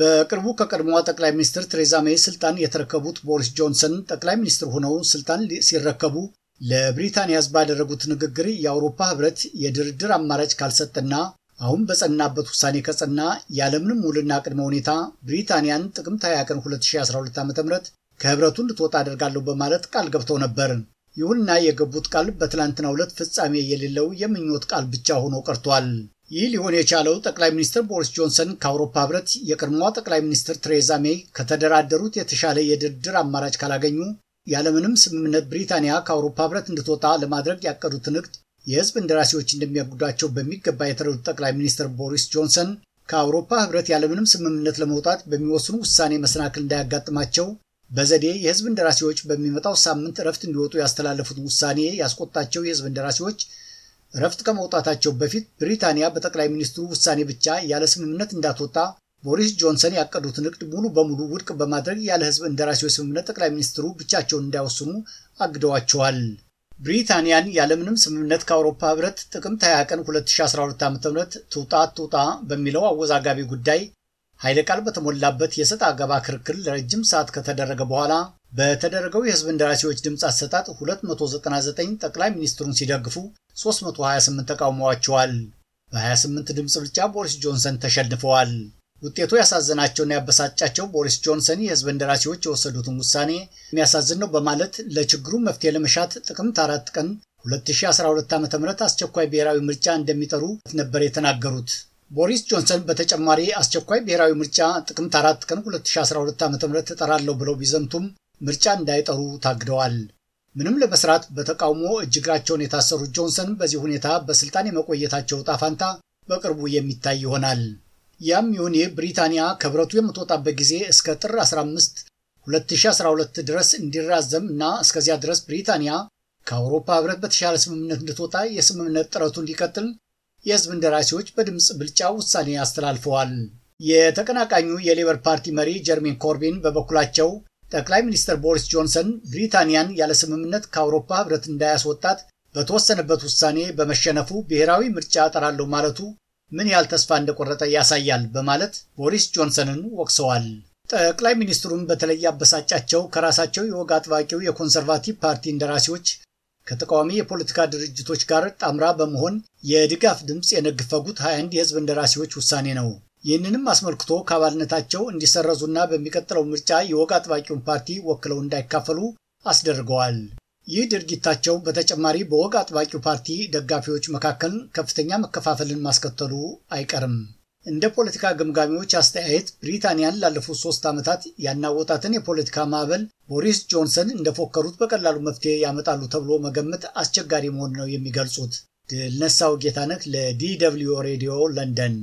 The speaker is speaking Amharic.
በቅርቡ ከቀድሞዋ ጠቅላይ ሚኒስትር ቴሬዛ ሜይ ስልጣን የተረከቡት ቦሪስ ጆንሰን ጠቅላይ ሚኒስትር ሆነው ስልጣን ሲረከቡ ለብሪታንያ ሕዝብ ባደረጉት ንግግር የአውሮፓ ሕብረት የድርድር አማራጭ ካልሰጠና አሁን በጸናበት ውሳኔ ከጸና ያለምንም ውልና ቅድመ ሁኔታ ብሪታንያን ጥቅምት 20 ቀን 2012 ዓ ም ከህብረቱ ልትወጣ አደርጋለሁ በማለት ቃል ገብተው ነበር። ይሁንና የገቡት ቃል በትላንትናው ዕለት ፍጻሜ የሌለው የምኞት ቃል ብቻ ሆኖ ቀርቷል። ይህ ሊሆን የቻለው ጠቅላይ ሚኒስትር ቦሪስ ጆንሰን ከአውሮፓ ህብረት የቀድሞዋ ጠቅላይ ሚኒስትር ቴሬዛ ሜይ ከተደራደሩት የተሻለ የድርድር አማራጭ ካላገኙ ያለምንም ስምምነት ብሪታንያ ከአውሮፓ ህብረት እንድትወጣ ለማድረግ ያቀዱትን እቅድ የህዝብ እንደራሴዎች እንደሚያጉዳቸው በሚገባ የተረዱት ጠቅላይ ሚኒስትር ቦሪስ ጆንሰን ከአውሮፓ ህብረት ያለምንም ስምምነት ለመውጣት በሚወስኑ ውሳኔ መሰናክል እንዳያጋጥማቸው በዘዴ የህዝብ እንደራሴዎች በሚመጣው ሳምንት እረፍት እንዲወጡ ያስተላለፉትን ውሳኔ ያስቆጣቸው የህዝብ እንደራሴዎች እረፍት ከመውጣታቸው በፊት ብሪታንያ በጠቅላይ ሚኒስትሩ ውሳኔ ብቻ ያለ ስምምነት እንዳትወጣ ቦሪስ ጆንሰን ያቀዱትን እቅድ ሙሉ በሙሉ ውድቅ በማድረግ ያለ ህዝብ እንደራሴዎች ስምምነት ጠቅላይ ሚኒስትሩ ብቻቸውን እንዳይወስኑ አግደዋቸዋል። ብሪታንያን ያለምንም ስምምነት ከአውሮፓ ህብረት ጥቅምት 20 ቀን 2012 ዓ ም ትውጣ ትውጣ በሚለው አወዛጋቢ ጉዳይ ኃይለ ቃል በተሞላበት የሰጥ አገባ ክርክር ለረጅም ሰዓት ከተደረገ በኋላ በተደረገው የህዝብ እንደራሴዎች ድምፅ አሰጣጥ 299 ጠቅላይ ሚኒስትሩን ሲደግፉ 328 ተቃውመዋቸዋል። በ28 ድምፅ ብልጫ ቦሪስ ጆንሰን ተሸንፈዋል። ውጤቱ ያሳዘናቸውና ያበሳጫቸው ቦሪስ ጆንሰን የህዝብ እንደራሴዎች የወሰዱትን ውሳኔ የሚያሳዝን ነው በማለት ለችግሩ መፍትሄ ለመሻት ጥቅምት አራት ቀን 2012 ዓ ም አስቸኳይ ብሔራዊ ምርጫ እንደሚጠሩ ነበር የተናገሩት። ቦሪስ ጆንሰን በተጨማሪ አስቸኳይ ብሔራዊ ምርጫ ጥቅምት 4 ቀን 2012 ዓ ም እጠራለሁ ብለው ቢዘምቱም ምርጫ እንዳይጠሩ ታግደዋል። ምንም ለመስራት በተቃውሞ እጅ እግራቸውን የታሰሩት ጆንሰን በዚህ ሁኔታ በስልጣን የመቆየታቸው ዕጣ ፈንታ በቅርቡ የሚታይ ይሆናል። ያም ይሁን ይህ ብሪታንያ ከህብረቱ የምትወጣበት ጊዜ እስከ ጥር 15 2012 ድረስ እንዲራዘም እና እስከዚያ ድረስ ብሪታንያ ከአውሮፓ ህብረት በተሻለ ስምምነት እንድትወጣ የስምምነት ጥረቱ እንዲቀጥል የህዝብ እንደራሴዎች በድምፅ ብልጫ ውሳኔ አስተላልፈዋል። የተቀናቃኙ የሌበር ፓርቲ መሪ ጀርሚን ኮርቢን በበኩላቸው ጠቅላይ ሚኒስትር ቦሪስ ጆንሰን ብሪታንያን ያለ ስምምነት ከአውሮፓ ህብረት እንዳያስወጣት በተወሰነበት ውሳኔ በመሸነፉ ብሔራዊ ምርጫ እጠራለሁ ማለቱ ምን ያህል ተስፋ እንደቆረጠ ያሳያል በማለት ቦሪስ ጆንሰንን ወቅሰዋል። ጠቅላይ ሚኒስትሩን በተለይ አበሳጫቸው ከራሳቸው የወግ አጥባቂው የኮንሰርቫቲቭ ፓርቲ እንደራሴዎች ከተቃዋሚ የፖለቲካ ድርጅቶች ጋር ጣምራ በመሆን የድጋፍ ድምፅ የነግፈጉት 21 የህዝብ እንደራሴዎች ውሳኔ ነው። ይህንንም አስመልክቶ ከአባልነታቸው እንዲሰረዙና በሚቀጥለው ምርጫ የወግ አጥባቂውን ፓርቲ ወክለው እንዳይካፈሉ አስደርገዋል። ይህ ድርጊታቸው በተጨማሪ በወግ አጥባቂው ፓርቲ ደጋፊዎች መካከል ከፍተኛ መከፋፈልን ማስከተሉ አይቀርም። እንደ ፖለቲካ ግምጋሚዎች አስተያየት ብሪታንያን ላለፉት ሶስት ዓመታት ያናወጣትን የፖለቲካ ማዕበል ቦሪስ ጆንሰን እንደፎከሩት በቀላሉ መፍትሄ ያመጣሉ ተብሎ መገመት አስቸጋሪ መሆን ነው የሚገልጹት። ድልነሳው ነሳው ጌታነህ ለዲ ደብልዩ ሬዲዮ ለንደን